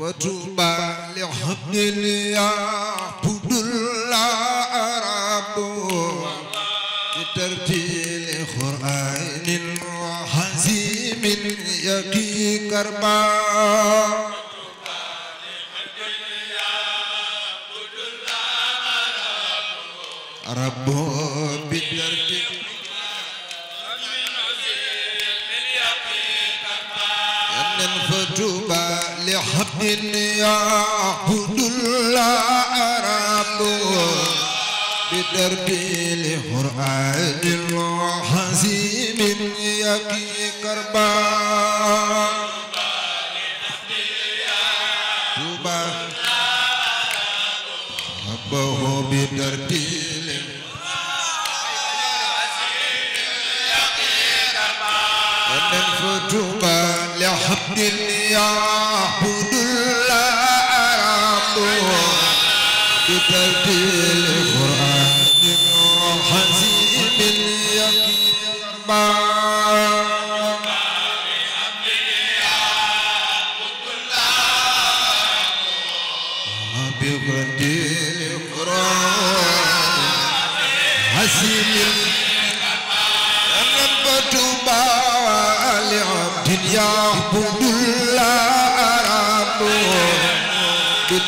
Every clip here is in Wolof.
وتوبى لعبد يعبد الله ربه بترتيل قرآن وحزيم يقي كربا ربه يحدني عبد الله ربه بدربي لقرآن الحزين يبكي كربا ربه بدربي لقرآن الحزين يبكي كربا عبد يعبد الله بترتيل القرآن حزين يكيد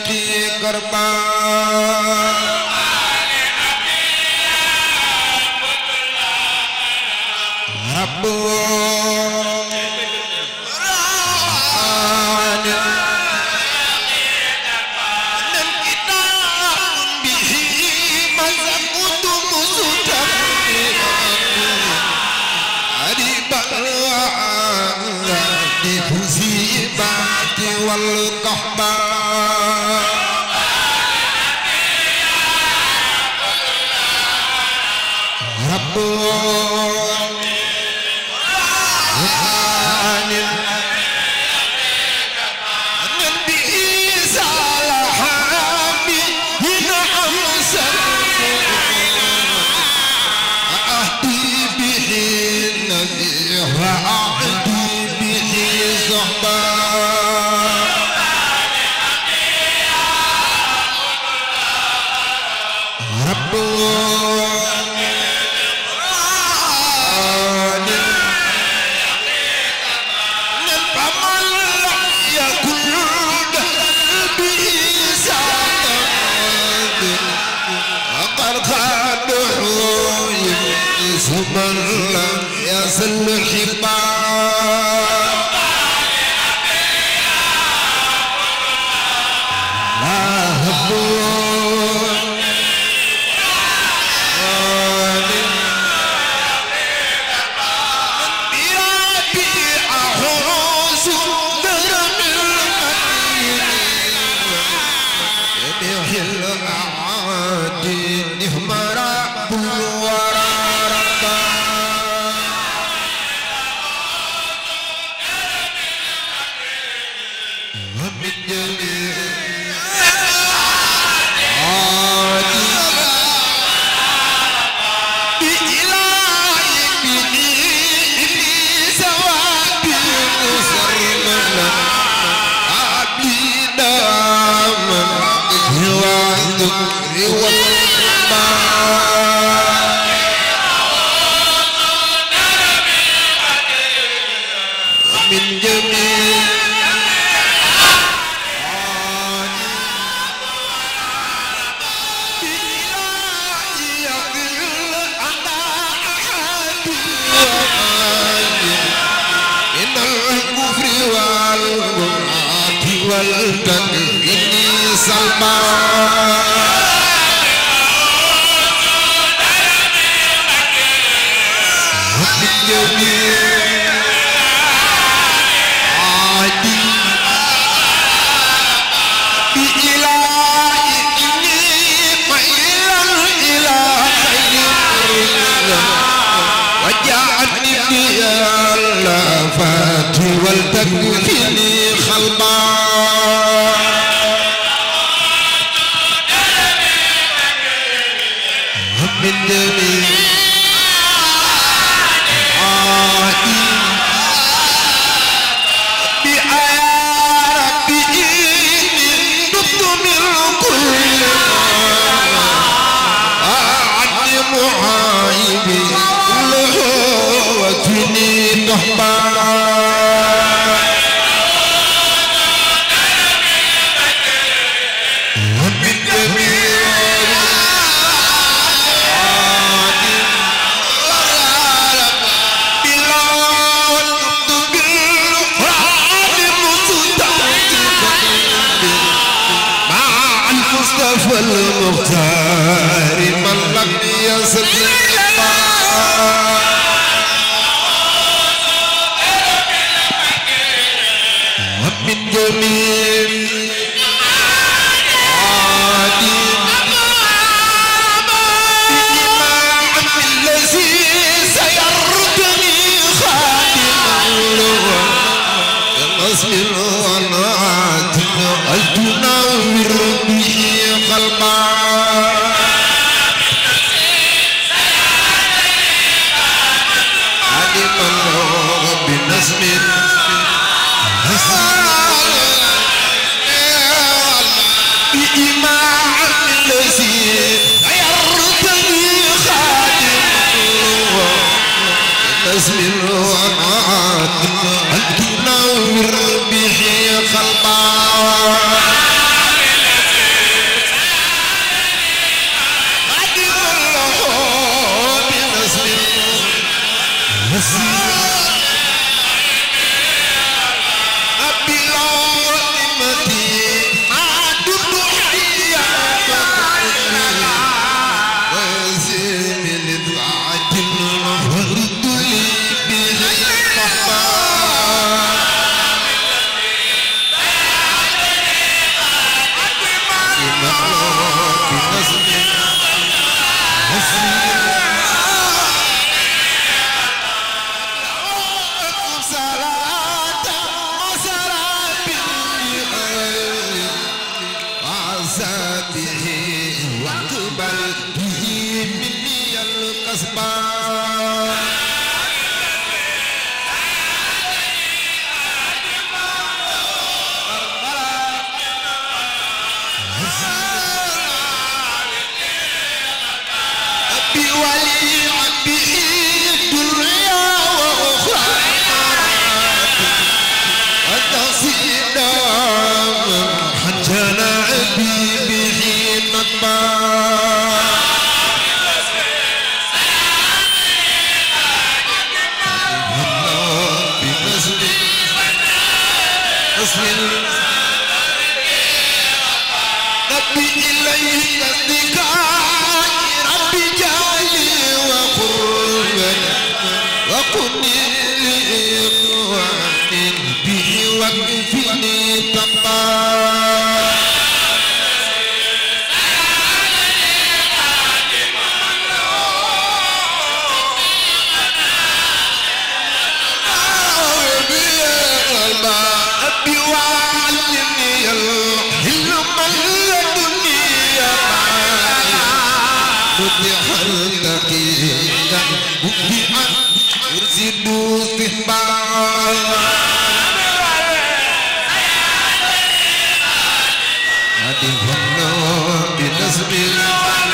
की कुर्बान रब What? بنسب الله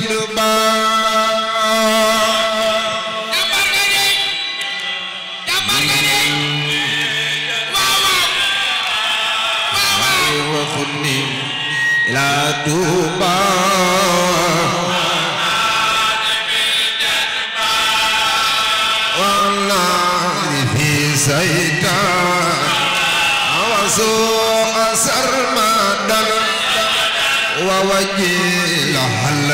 Diop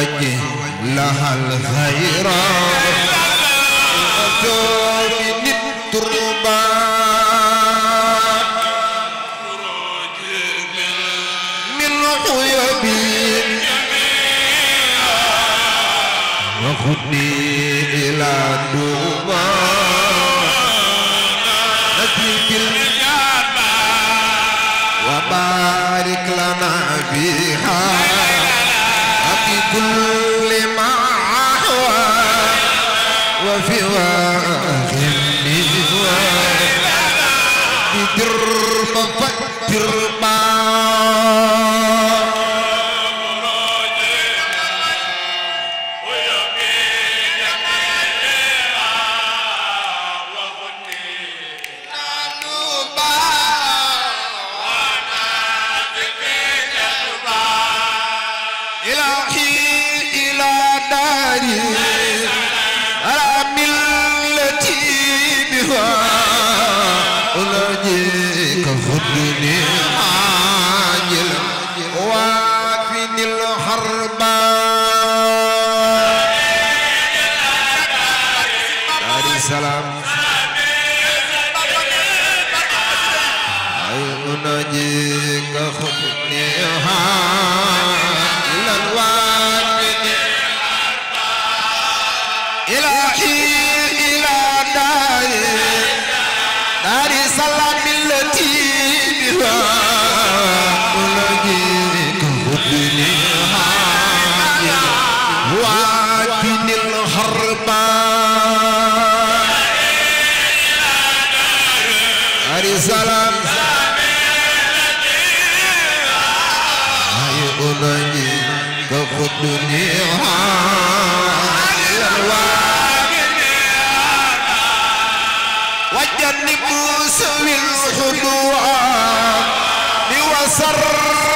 وجه لها الغيرة من التربة من عيبي وخذني إلى دوبا نتيك الجنة وبارك لنا فيها Dirba salaam ay unajik khutniha ilal warid ilahi ila dari dari salam millati biha unajik khutniha وجنب سوي الخدوع بوسر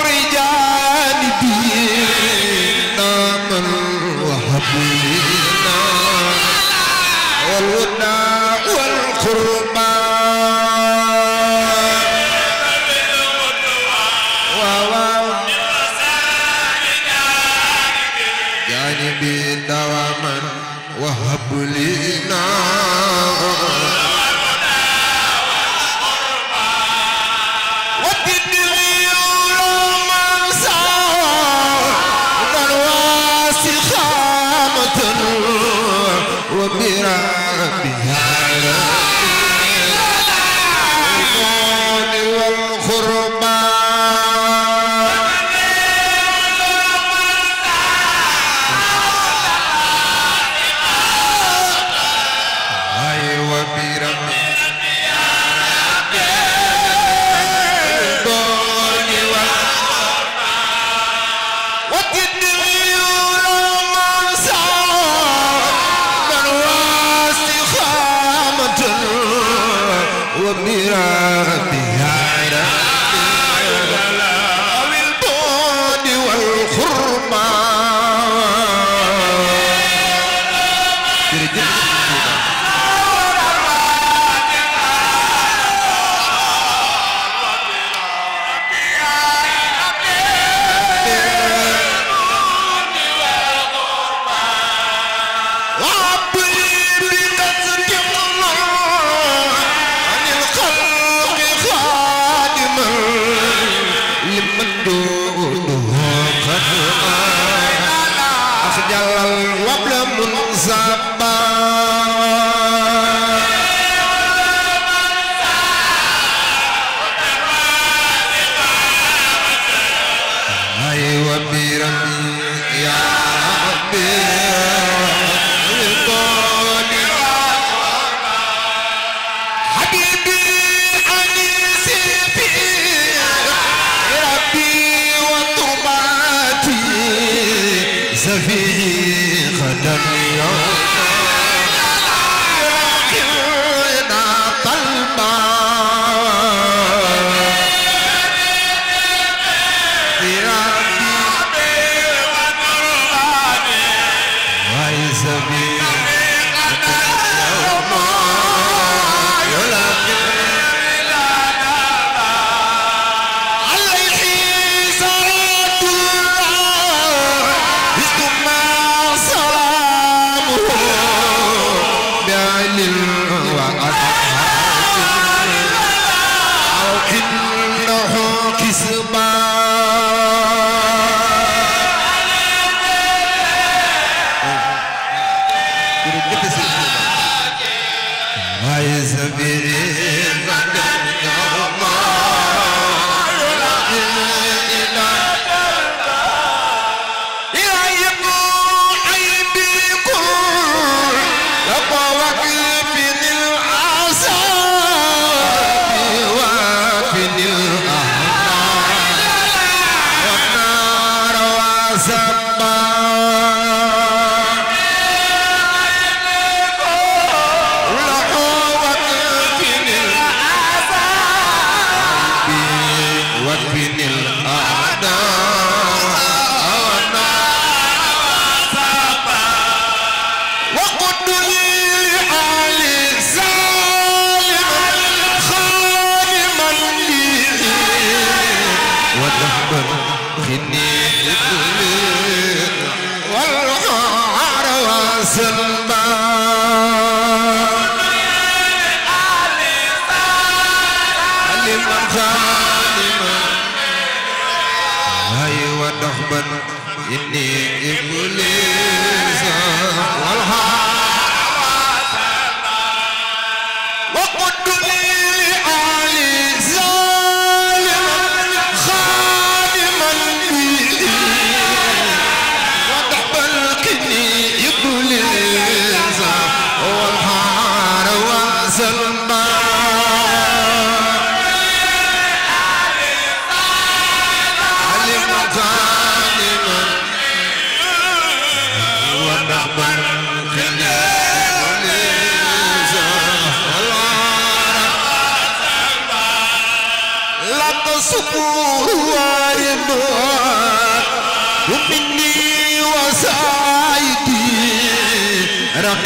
saba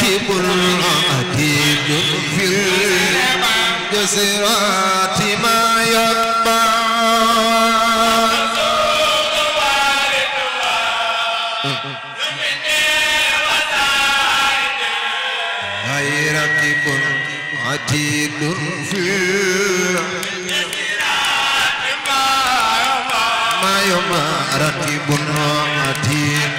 طبيب عتيد في الجسرات ما يطمع غيرك عتيد في ما يما رتب عتيد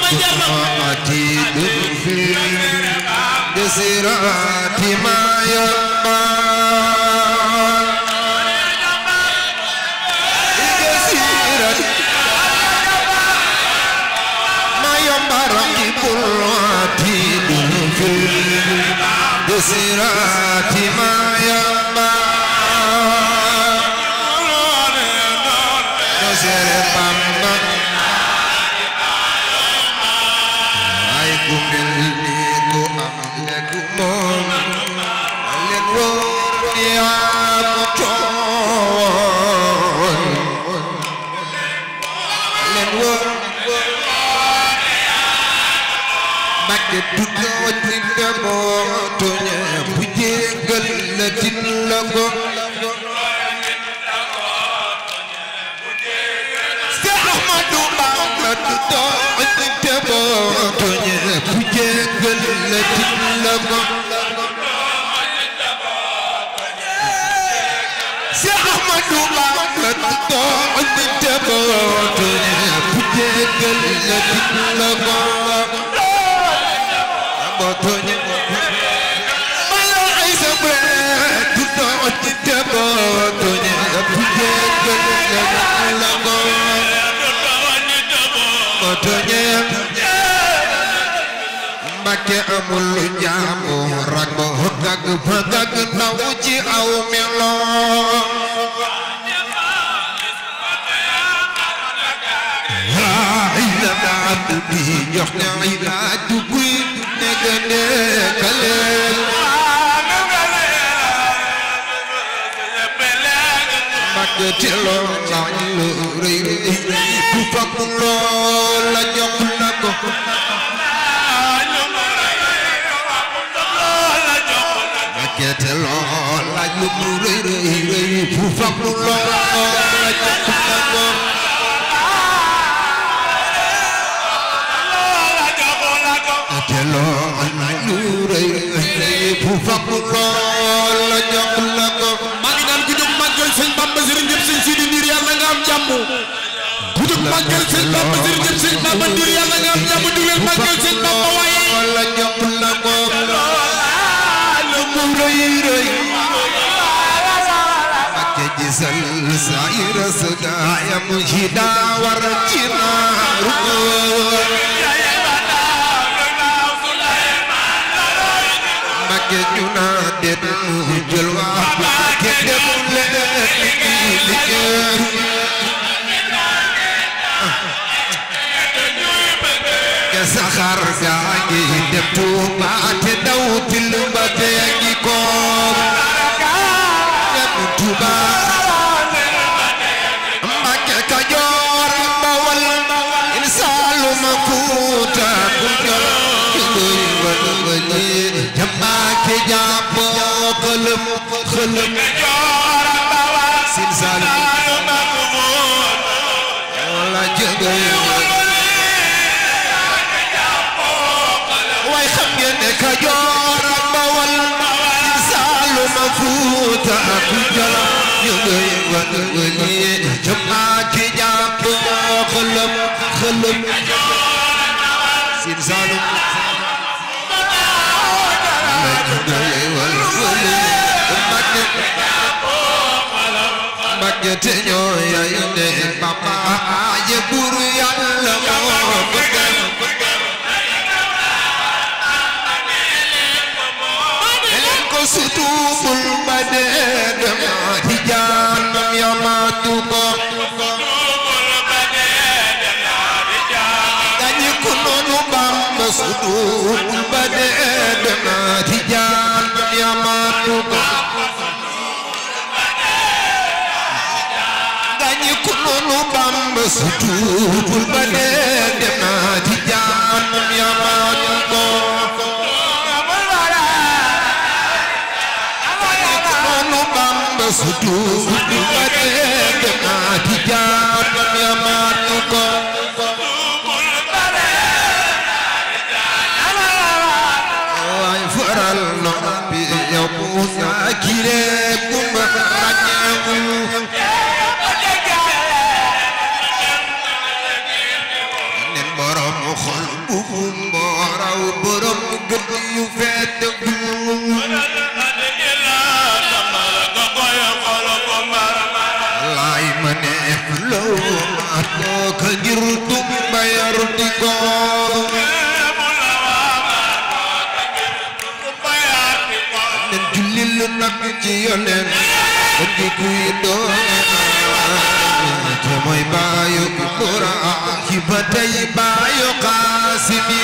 عتيد في جسرات ما يبقى بصراط ما يما نصر بام But Mbàkke amul lu njaamu rag ba gag ba gag ndaw ci aw meloon ay la daan bi jox na ay laa dugg nekk nekkaleen Mbàkke teeloon nañ lu rëy bu fag lool la jox te lool laaj lu mu rëy rëy rëy bu fab lu lool laaj lu mu lool te lool laaj lu rëy rëy bu fab lu lool laaj lu mu lool maa ngi naan ku jóg màggal sëñ Bamba sëriñ ñëpp sëñ Sidi Ndir yàlla nga am jàmm ku jóg màggal sëñ Bamba sëriñ ñëpp sëñ Bamba Ndir yàlla nga am jàmm dugal màggal sëñ Bamba waaye lu rëy rëy Mbakke gisal sa ira sa gaayam yi daa war ci naaru góor Mbakke ñu naa det mu jël waa Mbakke dem leen liggéey liggéey saxaar gaa ngi dem Tuuba te daw til xëlëm xëlëm sin salim yàlla jëgal waaye xam ngeen ne Kajoor ak Bawol sin Saalum ak Fuuta ak Joola jëgal wàllu jamaa ci jàpp xëlëm xëlëm sin Saalum ñetti ñoo yayande Bamba aye buur Yàlla moo bëggal leen ko sutubul ba dee dem ci jaanam ya maatu ko gañi ku noonu Bamba sutubul ba dee dem ci lu Bamba su tuubul ba dee dem naa ci jaamam yamaanu ko lu Bamba su tuubul ba dee dem naa ci jaamam yamaanu ko waaye faral na bi yow bu ñaa kiree tey baayu Qaasim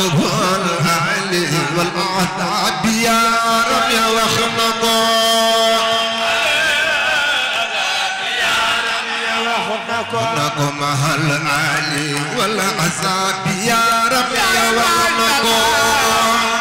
القبول علي والمعتاد يا رب يا وخنقو هل علي والعذاب يا رب يا وخنقو